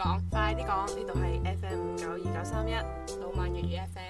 講說快啲講，呢度係 FM 五九二九三一老萬粵語 FM。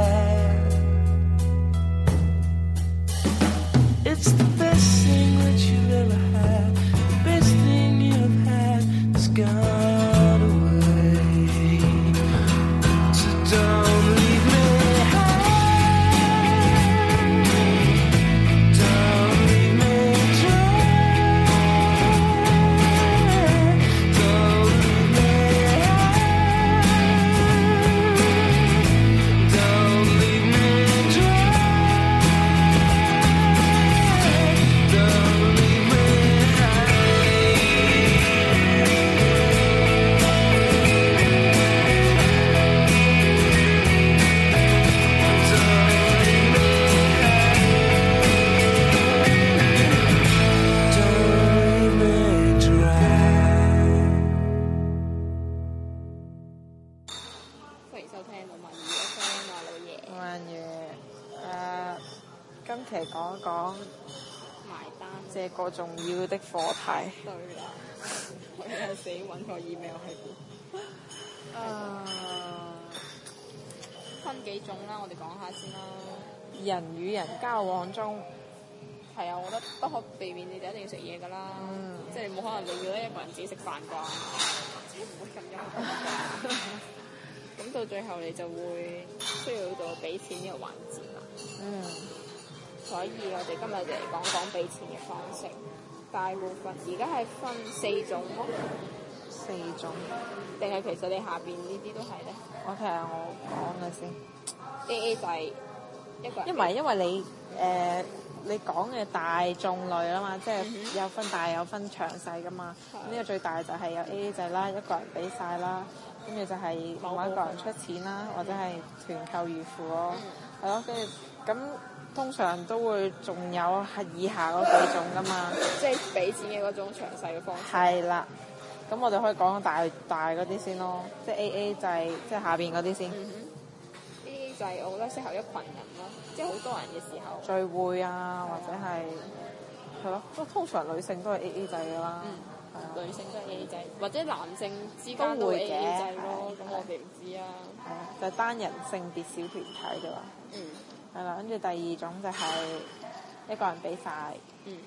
講埋單呢個重要的課題。對啦，我真係死揾個 email 喺度。 uh, 分幾種啦，我哋講下先啦。人與人交往中，係 啊，我覺得不可避免，你哋一定要食嘢噶啦。嗯、即係冇可能你約一個人自己食飯啩？自己唔會咁陰功。咁到最後你就會需要到俾錢呢個環節啦。嗯。所以我哋今日嚟講講俾錢嘅方式，大部分而家係分四種咯。四種，定係其實你下邊呢啲都係咧？我睇下我講嘅先。A A 制，一個。一唔因，因為你誒、呃、你講嘅大眾類啊嘛，即係有分大有分詳細㗎嘛。呢、mm hmm. 個最大就係有 A A 制啦，一個人俾晒啦，mm hmm. 跟住就係某一個人出錢啦，或者係團購預付咯，係咯、mm，跟住咁。通常都會仲有係以下嗰幾種噶嘛，即係俾錢嘅嗰種詳細嘅方式。係啦，咁我哋可以講大大嗰啲先咯，即係 A A 制，即係下邊嗰啲先。A A 制我覺得適合一群人咯，即係好多人嘅時候聚會啊，或者係係咯，都通常女性都係 A A 制噶啦，女性都係 A A 制，或者男性之間都會 A A 制咯，咁我哋唔知啊。係啊，就係單人性別小團體嘅話，嗯。係啦，跟住第二種就係一個人俾曬，嗯，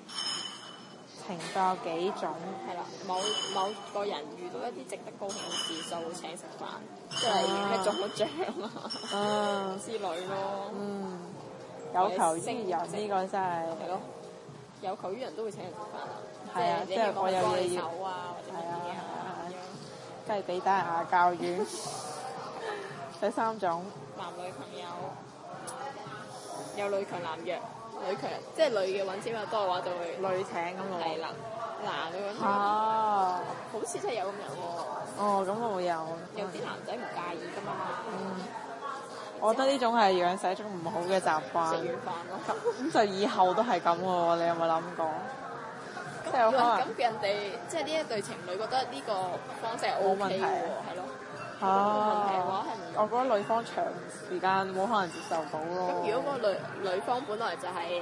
情多幾種。係啦，某某個人遇到一啲值得高興嘅事就會請食飯，即係咩中咗獎啊，嗯，之類咯。嗯，有求於人呢個真係。係咯。有求於人都會請人食飯。係啊，即係我有嘢要。係啊。咁樣，即係俾單眼教養。第三種。男女朋友。有女強男弱，女強即係女嘅揾錢比較多嘅話就會女請咁咯。係啦，男女揾錢。哦，好似真係有咁樣喎。哦，咁啊會有。有啲男仔唔介意噶嘛？嗯，我覺得呢種係養成一種唔好嘅習慣。食軟飯咯。咁就以後都係咁喎，你有冇諗過？咁問咁人哋，即係呢一對情侶覺得呢個方式係 O K 嘅喎，咯、啊？ 哦，我覺得女方長時間冇可能接受到咯。咁如果個女女方本來就係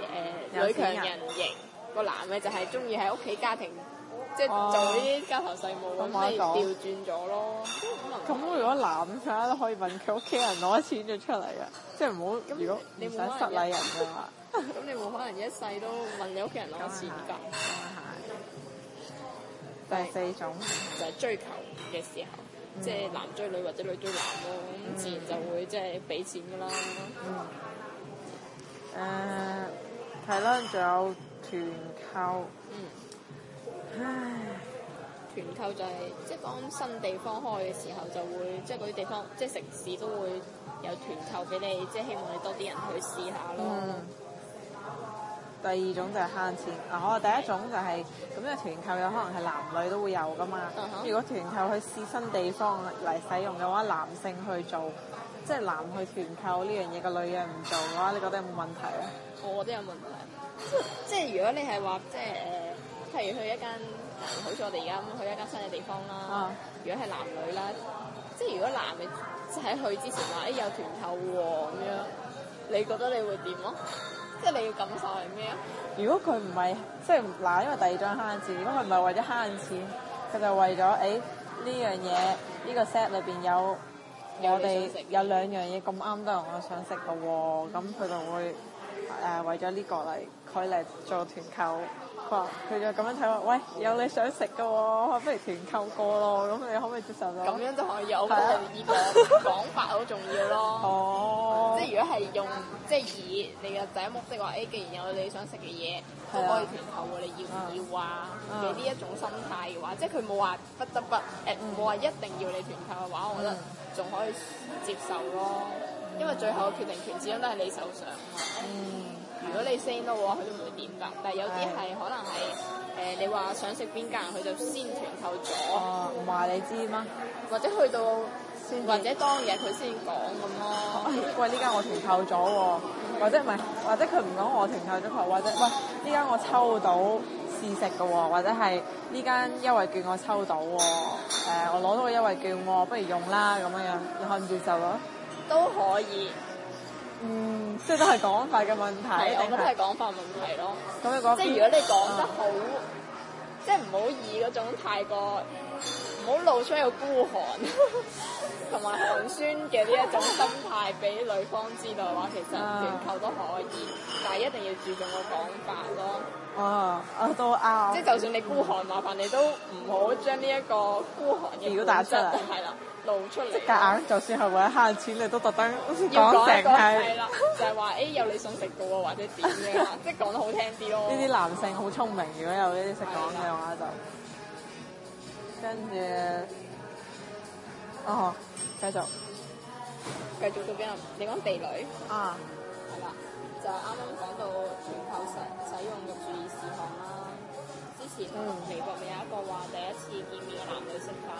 誒女強人型，個男嘅就係中意喺屋企家庭，即係做呢啲家頭細務，咁咪調轉咗咯。咁如果男家都可以問佢屋企人攞錢就出嚟啊，即係唔好如果你唔想失禮人嘅話。咁你冇可能一世都問你屋企人攞錢㗎。咁啊係。第四種就係追求嘅時候。嗯、即係男追女或者女追男咯，咁、嗯、自然就會即係俾錢㗎啦。嗯。誒、呃，係咯，仲有團購。嗯。唉，團購就係、是、即係當新地方開嘅時候就會，即係嗰啲地方，即係城市都會有團購俾你，即係希望你多啲人去試下咯。嗯。第二種就係慳錢，嗱、哦、我第一種就係、是、咁，因為團購有可能係男女都會有噶嘛。Uh huh. 如果團購去試新地方嚟使用嘅話，男性去做，即係男去團購呢樣嘢，個女人唔做嘅話，你覺得有冇問題咧、啊？我覺得有問題， 即即係如果你係話即係誒，譬如去一間，好似我哋而家去一間新嘅地方啦、uh huh. 如果係男女啦，即係如果男嘅喺去之前話，誒、哎、有團購喎咁樣，你覺得你會點咯？即係你要感受係咩啊？如果佢唔係，即係嗱，因為第二張慳錢。如果佢唔係為咗慳錢，佢就為咗誒呢樣嘢，呢、欸呢個 set 裏邊有我哋有兩樣嘢咁啱得，我想食嘅喎。咁佢就會誒、呃、為咗呢個嚟。佢嚟做團購，佢話佢就咁樣睇話，喂，有你想食嘅喎，不如團購過咯，咁 你可唔可以接受到？咁樣就可以有 個呢個講法好重要咯。 哦即，即係如果係用即係以你嘅第一目的話，誒、哎，既然有你想食嘅嘢，可以團購是、啊、你要唔要啊？嘅呢、啊、一種心態嘅話，啊、即係佢冇話不得不，誒冇話一定要你團購嘅話，嗯、我覺得仲可以接受咯，因為最後嘅決定權始終都係你，你手上。嗯。嗯如果你先咯，佢都唔會點㗎。但係有啲係是的 可能係誒、呃，你話想食邊間，佢就先團購咗。唔話、哦、你知嗎、嗯？或者去到，先或者當日佢先講咁咯。喂，呢間我團購咗喎，或者唔係，或者佢唔講我團購咗，或者喂，呢間我抽到試食嘅喎，或者係呢間優惠券我抽到喎、呃，我攞到個優惠券喎，不如用啦咁樣樣，你可唔接受啊？都可以。嗯，即係都係講法嘅問題，係對，是我覺得都係講法問題咯。那那。咁樣講，即係如果你講得好，啊、即係唔好以嗰種太過。唔好露出一個孤寒同埋寒酸嘅呢一種心態俾女方知道嘅話，其實追求都可以，但係一定要注重個講法咯。哦，我都啱。即係就算你孤寒，麻煩你都唔好將呢一個孤寒嘅表達係啦，露出嚟。即夾硬，就算係為慳錢，你都特登講成係，就係話誒有你想食嘅喎，或者點樣，即係講得好聽啲咯。呢啲男性好聰明，如果有呢啲識講嘅話就。跟住，哦，繼續，繼續到邊啊？你講地雷啊，係啦，就係啱啱講到團購使使用嘅注意事項啦。之前微博咪有一個話，第一次見面嘅男女食飯，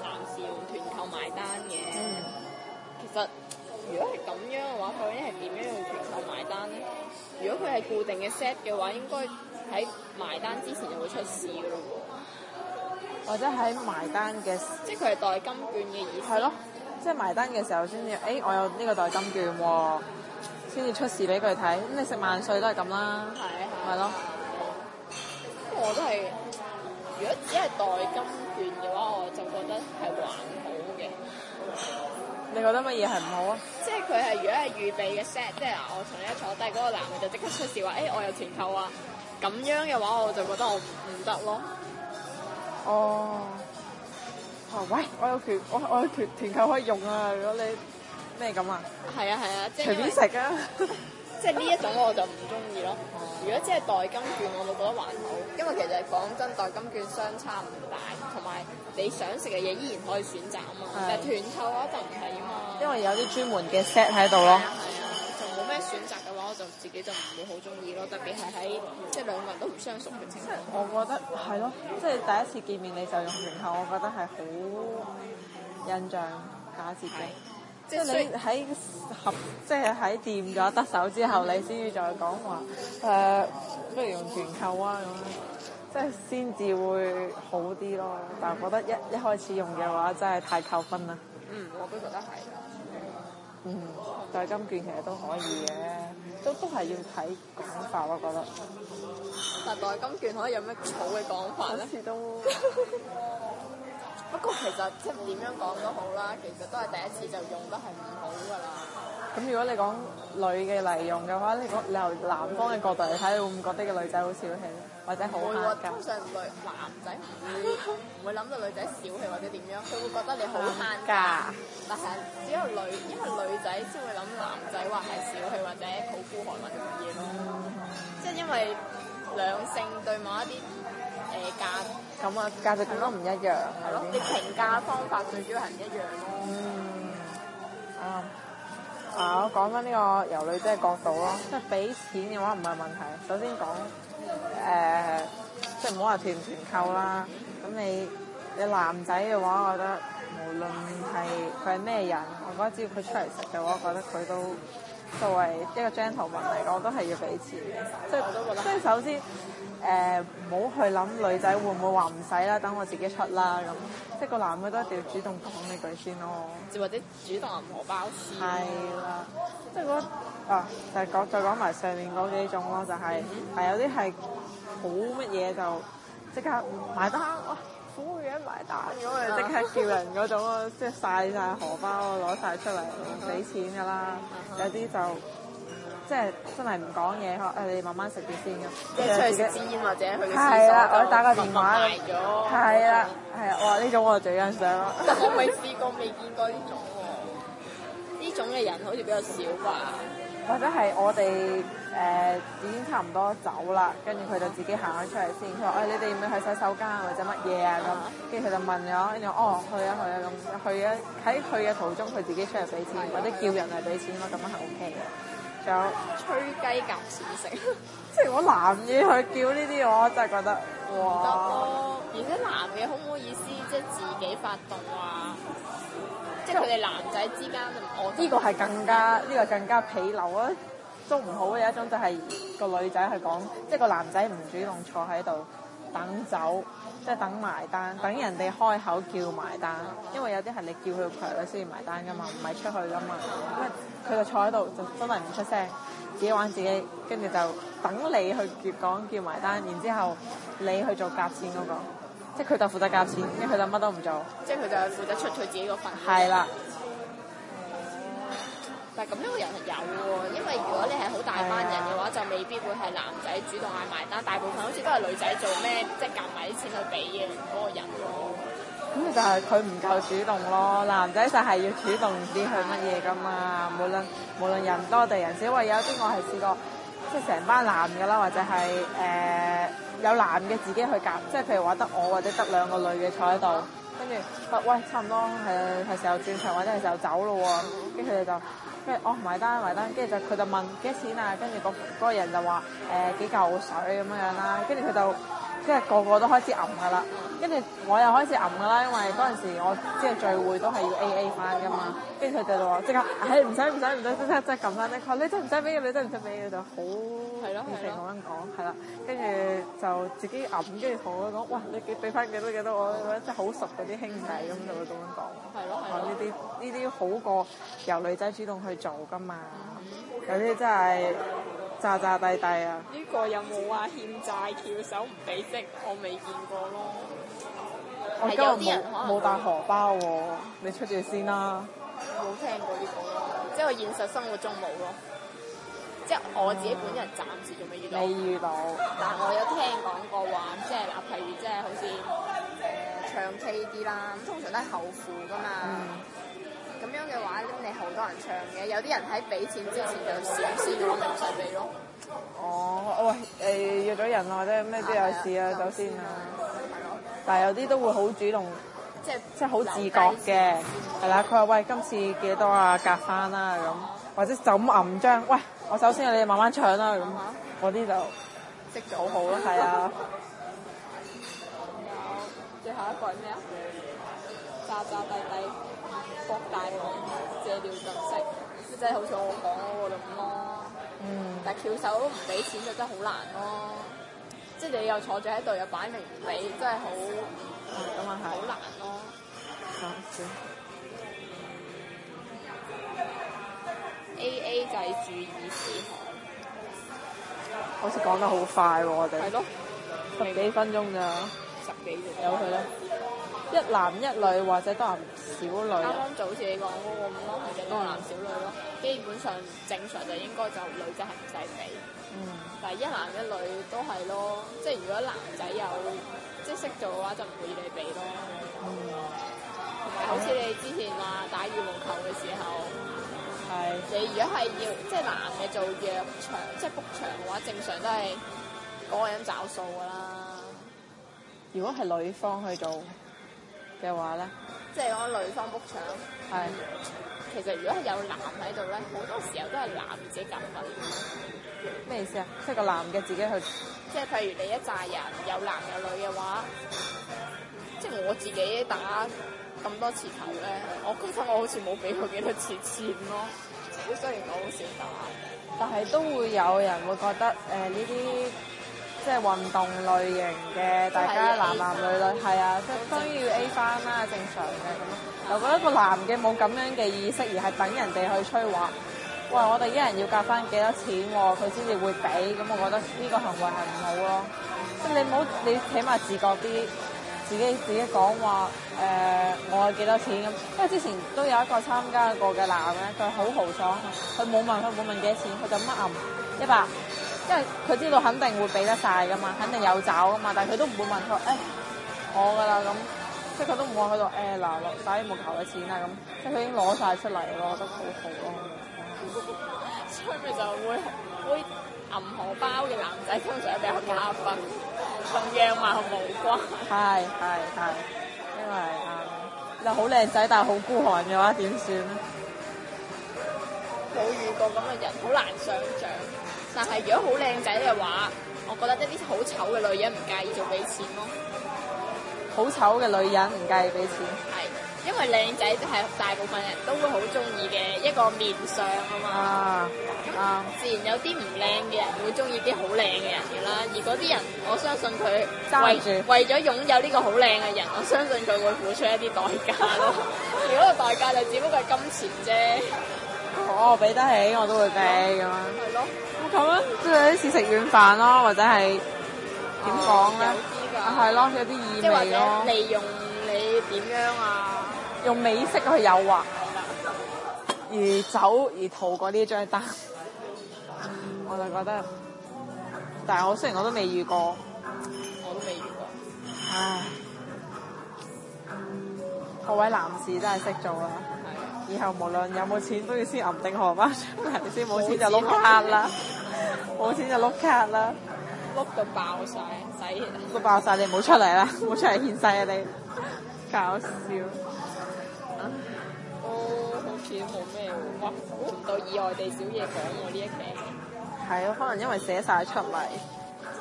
男士用團購埋單嘅。嗯、其實如果係咁樣嘅話，佢呢係點樣用團購埋單咧？如果佢係固定嘅 set 嘅話，應該喺埋單之前就會出事嘅咯。或者喺埋單嘅，即係佢係代金券嘅意思，係咯。即係埋單嘅時候先至，誒、欸，我有呢個代金券喎、哦，先至出示俾佢睇。咁你食萬歲都係咁啦，係咪對咯？不過我都係，如果只係代金券嘅話，我就覺得係還好嘅。你覺得乜嘢係唔好啊？即係佢係如果係預備嘅 set，即係我同你一坐低嗰、那個男嘅就即刻出示話，誒、欸，我有團購啊！咁樣嘅話，我就覺得我唔得咯。哦，啊喂，我有團，我我有團團購可以用啊！如果你咩咁啊？係啊係啊，即係隨便食啊！即係呢一種我就唔中意咯。 如果只係代金券，我就覺得還好，因為其實講真，代金券相差唔大，同埋你想食嘅嘢依然可以選擇啊嘛。Yeah. 但係團購嘅話就唔係啊嘛。因為有啲專門嘅 set 喺度咯，係啊， 就冇咩選擇。自己就唔會好中意咯，特別係喺即係兩個人都唔相熟嘅情況。我覺得係咯，即係第一次見面你就用團購，我覺得係好印象假設的。即係是你喺以合，即係喺掂咗得手之後，嗯嗯你先至再講話，誒、呃，不如用團購啊咁樣，即係先至會好啲咯。嗯、但係覺得一一開始用嘅話，真係太扣分啦。嗯，我都覺得係。嗯，代金券其實都可以嘅，都都係要睇講法，我覺得。但代金券可以有咩好嘅講法呢都？ 不過其實即係點樣講都好啦，其實都係第一次就用得係唔好㗎啦。咁如果你講，女嘅嚟用嘅話，你講由男方嘅角度嚟睇，你你會唔會覺得個女仔好小氣或者好慳㗎。會通常女男仔唔 會諗到女仔小氣或者點樣，佢會覺得你好慳㗎。啊、但係只有女，因為女仔先會諗男仔話係小氣或者好孤寒或者乜嘢咯。嗯、即係因為兩性對某一啲誒、呃、價咁啊價值觀都唔一樣，係咯、嗯，你評價方法最主要係唔一樣咯、嗯。啊。啊！我講翻呢個由女仔嘅角度咯，即係俾錢嘅話唔係問題。首先講誒、呃，即係唔好話團唔團購啦。咁你你男仔嘅話，我覺得無論係佢係咩人，我覺得只要佢出嚟食嘅話，我覺得佢都作為一個 gentleman 嚟講，我都係要俾錢嘅，即係即係首先誒，唔好去諗女仔會唔會話唔使啦，等我自己出啦咁，即係個男嘅都一定要主動講呢句先咯，或者主動攞包先。係啦，即係嗰、啊、就係、再講再講埋上面嗰幾種咯，就係、係、係、mm hmm。啊、有啲係好乜嘢就即刻埋單。啊。好嘢，埋單咁啊！即刻叫人嗰種啊，即係晒晒荷包啊，攞晒出嚟俾錢噶啦！有啲就即係真係唔講嘢呵，你慢慢食住先咯。即係出去食支煙或者去。嘅係啦，我打個電話。係啦，係啊，我話呢種我就最欣賞啦。我未試過，未見過呢種喎。呢種嘅人好似比較少吧。或者係我哋誒、呃、已經差唔多走啦，跟住佢就自己行咗出嚟先。佢話的：，誒、哎，你哋要唔要去洗手間啊，或者乜嘢啊咁？跟住佢就問咗，跟住哦，去啊去啊咁，去啊喺去嘅、啊、途中，佢自己出嚟俾錢，或者叫人嚟俾錢咯，咁樣係 O K 嘅。仲有吹雞夾錢食， 即係我男嘢去叫呢啲，我真係覺得，哇！而且男嘅好唔好意思，即係自己發動啊？即係佢哋男仔之間，我呢個係更加呢個更加鄙陋啊，都唔好嘅一種就係個女仔係講，即係個男仔唔主動坐喺度等走，即係等埋單，等人哋開口叫埋單，因為有啲係你叫佢陪佢先要埋單㗎嘛，唔係出去㗎嘛，咁啊佢就坐喺度就真係唔出聲，自己玩自己，跟住就等你去講叫，叫埋單，然之後你去做夾錢嗰個。即係佢就負責夾錢，跟住佢就乜都唔做。即係佢就係負責出佢自己嗰份。係啦了。但係咁樣個人係有喎，因為如果你係好大班人嘅話，了就未必會係男仔主動嗌埋單。大部分好似都係女仔做咩，即係夾埋啲錢去俾嘅嗰個人。咁就係佢唔夠主動咯，男仔就係要主動啲去乜嘢噶嘛。的無論無論人多定人少，因、哎、為有啲我係試過。即係成班男嘅啦，或者係誒有男嘅自己去夾，即係譬如話得我或者得兩個女嘅坐喺度，跟住喂，差唔多誒係時候轉場或者係時候走咯喎，跟住佢哋就跟住哦埋單埋單，跟住就佢就問幾多錢啊，跟住嗰嗰個人就話誒幾嚿水咁樣樣啦，跟住佢就。即係個個都開始揞噶啦，跟住我又開始揞噶啦，因為嗰陣時我即係聚會都係要 A A 翻噶嘛，跟住佢哋就話即刻唉，唔使唔使唔使即刻即係撳翻，佢話你真唔使俾嘅，你真唔使俾嘅就好，變成咁樣講，係啦，跟住就自己揞，跟住同我講，哇，你俾翻幾多幾多，我覺得即係好熟嗰啲兄弟咁就會咁樣講，係咯係呢啲呢啲好過由女仔主動去做噶嘛，有啲真係。咋咋地地啊！呢個有冇話欠債翹手唔俾息？我未見過咯。我而家冇冇帶荷包喎，你出住先啦。冇聽過呢個咯，即係我現實生活中冇咯。即係我自己本人暫時仲未遇到。未遇到。但係我有聽講過話，即係嗱，譬如即係好似誒唱 K 啲啦，咁通常都係後付㗎嘛。咁樣嘅話咁你好多人唱嘅，有啲人喺俾錢之前就閃先攞唔使俾咯。哦，喂、呃，誒約咗人啊，或者咩都有事啊，啊啊首先啊！啊但係有啲都會好主動，啊啊、即係即係好自覺嘅，係啦。佢話、啊：喂，今次幾多啊？夾翻啦咁，啊、或者就咁揞張。喂，我首先你哋慢慢唱啦、啊、咁，嗰啲、啊、些就即住、啊、好好咯。係有、啊、 最後一個係咩啊？喳喳地地。各界講借料就識，即係真係好似我講嗰個咁咯。嗯。但係翹手唔俾錢就真係好難咯。即係你又坐住喺度又擺明唔俾，真係好。係咁啊係。好難咯。AA 制注意事項。好似講得好快喎，我哋。係咯。十幾分鐘咋？十幾有佢啦。一男一女或者多男少女。啱啱早似你講嗰個咁咯，或者多男少女咯。基本上正常就應該就女仔係唔使俾。嗯。但係一男一女都係咯，即係如果男仔有即係識做嘅話就，就唔會你俾咯。嗯。同埋好似你之前話打羽毛球嘅時候，係。你如果係要即係男嘅做約場，即係 book 場嘅話，正常都係嗰個人找數㗎啦。如果係女方去做嘅話咧，即係我女方 book 場，係的其實如果係有男喺度咧，好多時候都係男自己夾份。咩意思啊？即係個男嘅自己去。即係譬如你一紮人有男有女嘅話，即係我自己打咁多次球咧的，我覺得我好似冇俾過幾多次錢咯。雖然我好少打，但係都會有人會覺得誒呢啲。呃即係運動類型嘅，大家男男女女，係啊，即係當然要 A 翻啦，啊，正常嘅。咁我覺得個男嘅冇咁樣嘅意識，而係等人哋去催話，哇！我哋一人要夾翻幾多錢，啊，佢先至會俾。咁我覺得呢個行為係唔好咯，啊。即係你唔好，你起碼自覺啲，自己自己講話誒、呃，我有幾多錢咁，啊。因為之前都有一個參加過嘅男嘅，佢好豪爽，佢冇問佢冇問幾多錢，佢就乜暗一百。嗯因為佢知道肯定會俾得晒㗎嘛，肯定有找㗎嘛，但係佢都唔會問佢誒我㗎啦咁，即係佢都唔會喺度誒嗱落底冇交嘅錢啊咁，即係佢已經攞晒出嚟咯，我覺得好好咯。所以咪就會會銀荷包嘅男仔通常比較加分，同樣貌冇關。係係係，因為啊，嗱好靚仔但係好孤寒嘅話點算咧？冇遇過咁嘅人，好難想像。但係如果好靚仔嘅話，我覺得啲好醜嘅女人唔介意做俾錢咯。好醜嘅女人唔介意俾錢。係，因為靚仔係大部分人都會好中意嘅一個面相啊嘛。啊。自然有啲唔靚嘅人會中意啲好靚嘅人嘅啦，而嗰啲人我相信佢揸住為咗擁有呢個好靚嘅人，我相信佢住會付出一啲代價咯。嗰 個代價就只不過係金錢啫。哦、我俾得起，我都會俾咁、啊、樣。係咯，咁啊，即係有一次食軟飯咯、啊，或者係點講咧？係咯、嗯，有啲意味咯、啊。利用你點樣啊？用美式去誘惑，而走而逃過呢張單。 我就覺得，但係我雖然我都未遇過，我都未遇過。唉，各位男士真係識做啦。以後無論有冇錢都要先揞定荷包先，冇錢就碌卡啦，冇 錢就碌卡啦，碌到爆晒，使，碌爆晒你唔好出嚟啦，冇出嚟獻世啊你！ 搞笑。我、哦、好似冇咩估唔到，意外地少嘢講喎呢一期。係咯，可能因為寫晒出嚟，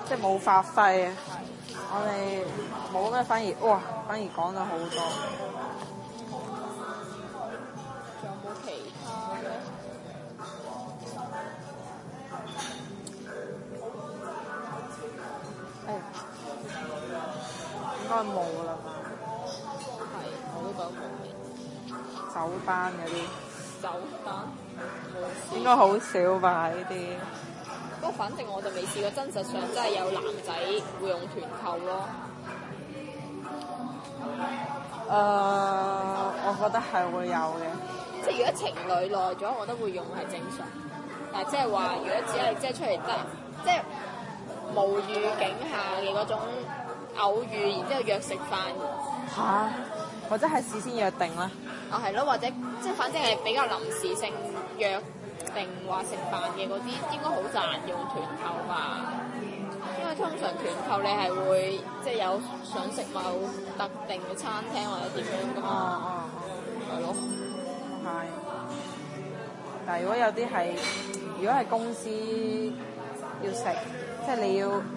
即係冇發揮啊！的我哋冇咩，反而哇，反而講咗好多。冇啦，係，我都覺得冇嘅。酒單啲，酒單、啊、應該好少吧？呢啲、嗯、不過，反正我就未試過真實上真係有男仔會用團購咯。誒、嗯呃，我覺得係會有嘅，即係如果情侶耐咗，我都會用係正常。但係即係話，如果只係即係出嚟得，即係無預警下嘅嗰種。偶遇，然之後約食飯嚇，或者係事先約定啦，啊，係咯，或者即係反正係比較臨時性約定話食飯嘅嗰啲，應該好難用團購吧？因為通常團購你係會即係有想食某特定嘅餐廳或者點樣噶嘛？哦哦哦，係咯，係。但係如果有啲係，如果係公司要食，即係你要。嗯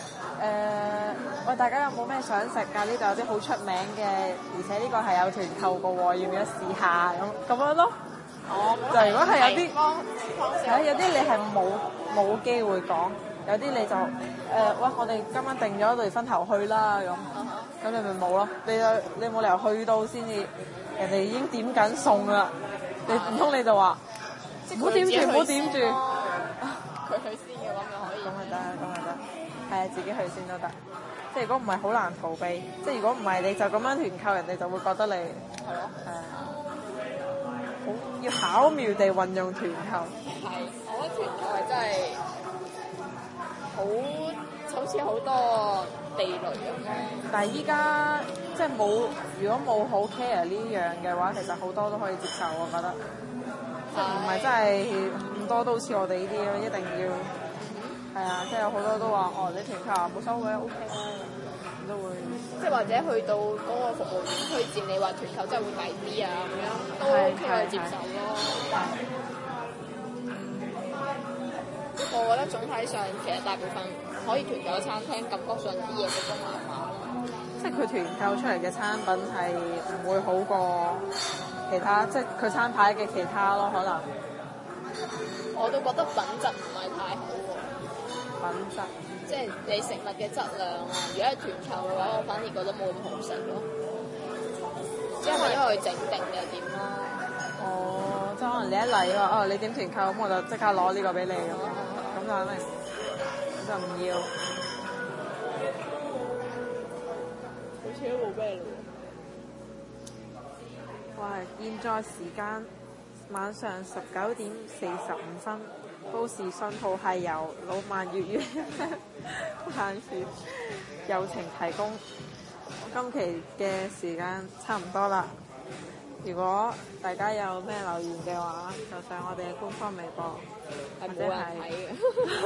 誒，喂，uh, 大家有冇咩想食㗎？呢度有啲好出名嘅，而且呢個係有團購嘅喎，要唔要試下咁咁樣咯？哦，oh, 就如果係有啲，有啲你係冇冇機會講，有啲你就誒，喂、嗯 uh，我哋今晚定咗一隊分頭去啦，咁，咁、uh huh. 你咪冇咯？你就你冇理由去到先至，人哋已經點緊餸啦，你唔通你就話唔好點住，唔好點住，佢、huh. 佢。 係啊，自己去先都得。即係如果唔係好難逃避，即係如果唔係你就咁樣團購，人哋就會覺得你係咯，誒，好、呃、要巧妙地運用團購。係，我覺得團購係真係好，好似好多地雷咁樣。但係依家即係冇，如果冇好 care 呢樣嘅話，其實好多都可以接受，我覺得。就唔係真係唔多，都似我哋呢啲咯，一定要。係啊，即係有好多都話哦，你團購冇收位 O K 咯，OK，都會即係或者去到嗰個服務員推薦你話，團購真係會抵啲啊，咁樣是都 O K 可以接受咯。不過我覺得總體上其實大部分可以團購嘅餐廳，感覺上啲嘢都麻麻。即係佢團購出嚟嘅餐品係唔會好過其他，即係佢餐牌嘅其他咯，可能我都覺得品質唔係太好。品質，即係你食物嘅質量啊！如果係團購嘅話，我反而覺得冇咁好食咯。因為因為佢整定嘅點啦。哦，即可能你一嚟嘅話，哦，你點團購，咁我就即刻攞呢個俾你咁，咁就係咩？我就唔要。好似都冇咩喎。喂，現在時間晚上十九點四十五分。報時信號係由老萬粵語，限時，友情提供。今期嘅時間差唔多啦，如果大家有咩留言嘅話，就上我哋嘅官方微博，或者係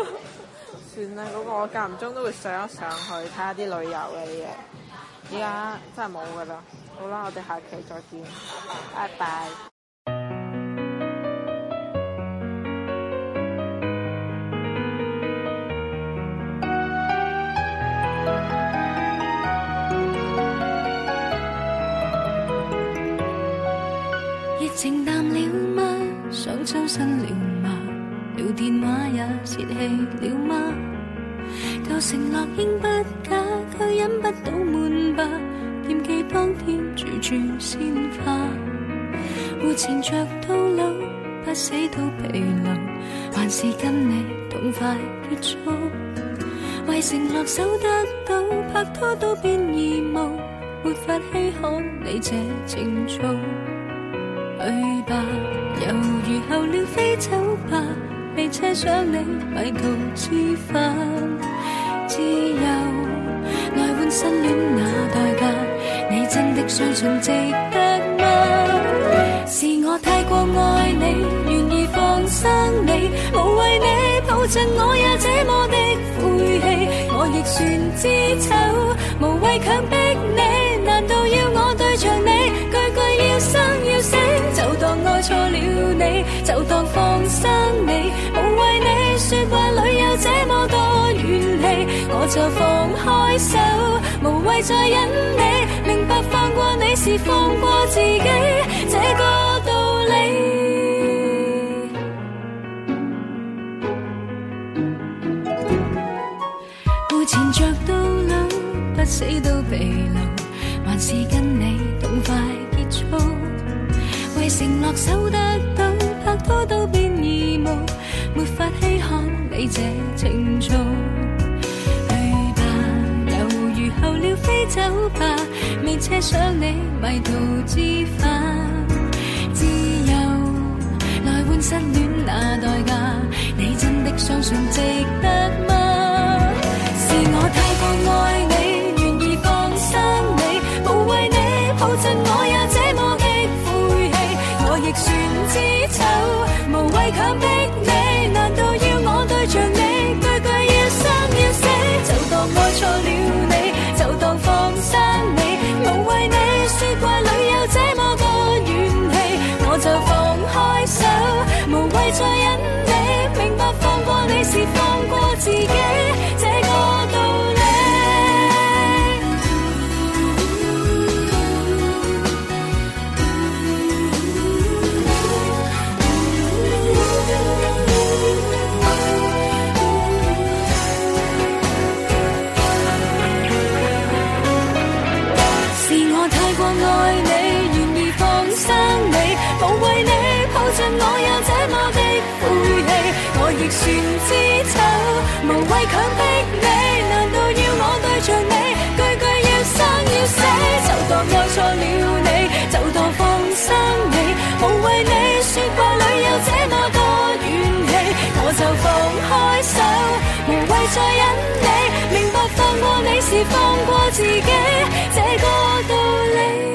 算啦。嗰、嗰個我間唔中都會上一上去睇下啲旅遊嘅嘢。依家真係冇㗎啦。好啦，我哋下期再見，拜拜。泄氣了嗎？舊承諾應不假，卻忍不到悶吧。惦記當天住住鮮花，互情着到老，不死都疲勞，還是跟你痛快結束。為承諾守得到，拍拖都變義務，沒法稀罕你這情操。去、哎、吧，猶如候鳥飛走吧。未奢想你迷途知返，自由來換新戀那代價，你真的相信值得嗎？是我太過愛你，願意放生你，無謂你抱枕我也這麼的晦氣，我亦算知醜，無謂強迫你，難道要我對着你句句要生要死，就當愛錯了你，就當放。再忍你，明白放過你是放過自己，這個道理。故纏着到老，不死都疲勞，還是跟你痛快結束。為承諾守得到，拍拖都變義務，沒法稀罕你這情操。飛走吧，未奢想你迷途知返。自由來換失戀那代價，你真的相信值得嗎？是我太過愛你。船之丑，無謂強迫你。難道要我對著你句句要生要死？就當愛錯了你，就當放生你。無謂你説話裏有這麼多怨氣，我就放開手，無謂再忍你。明白放過你是放過自己，這個道理。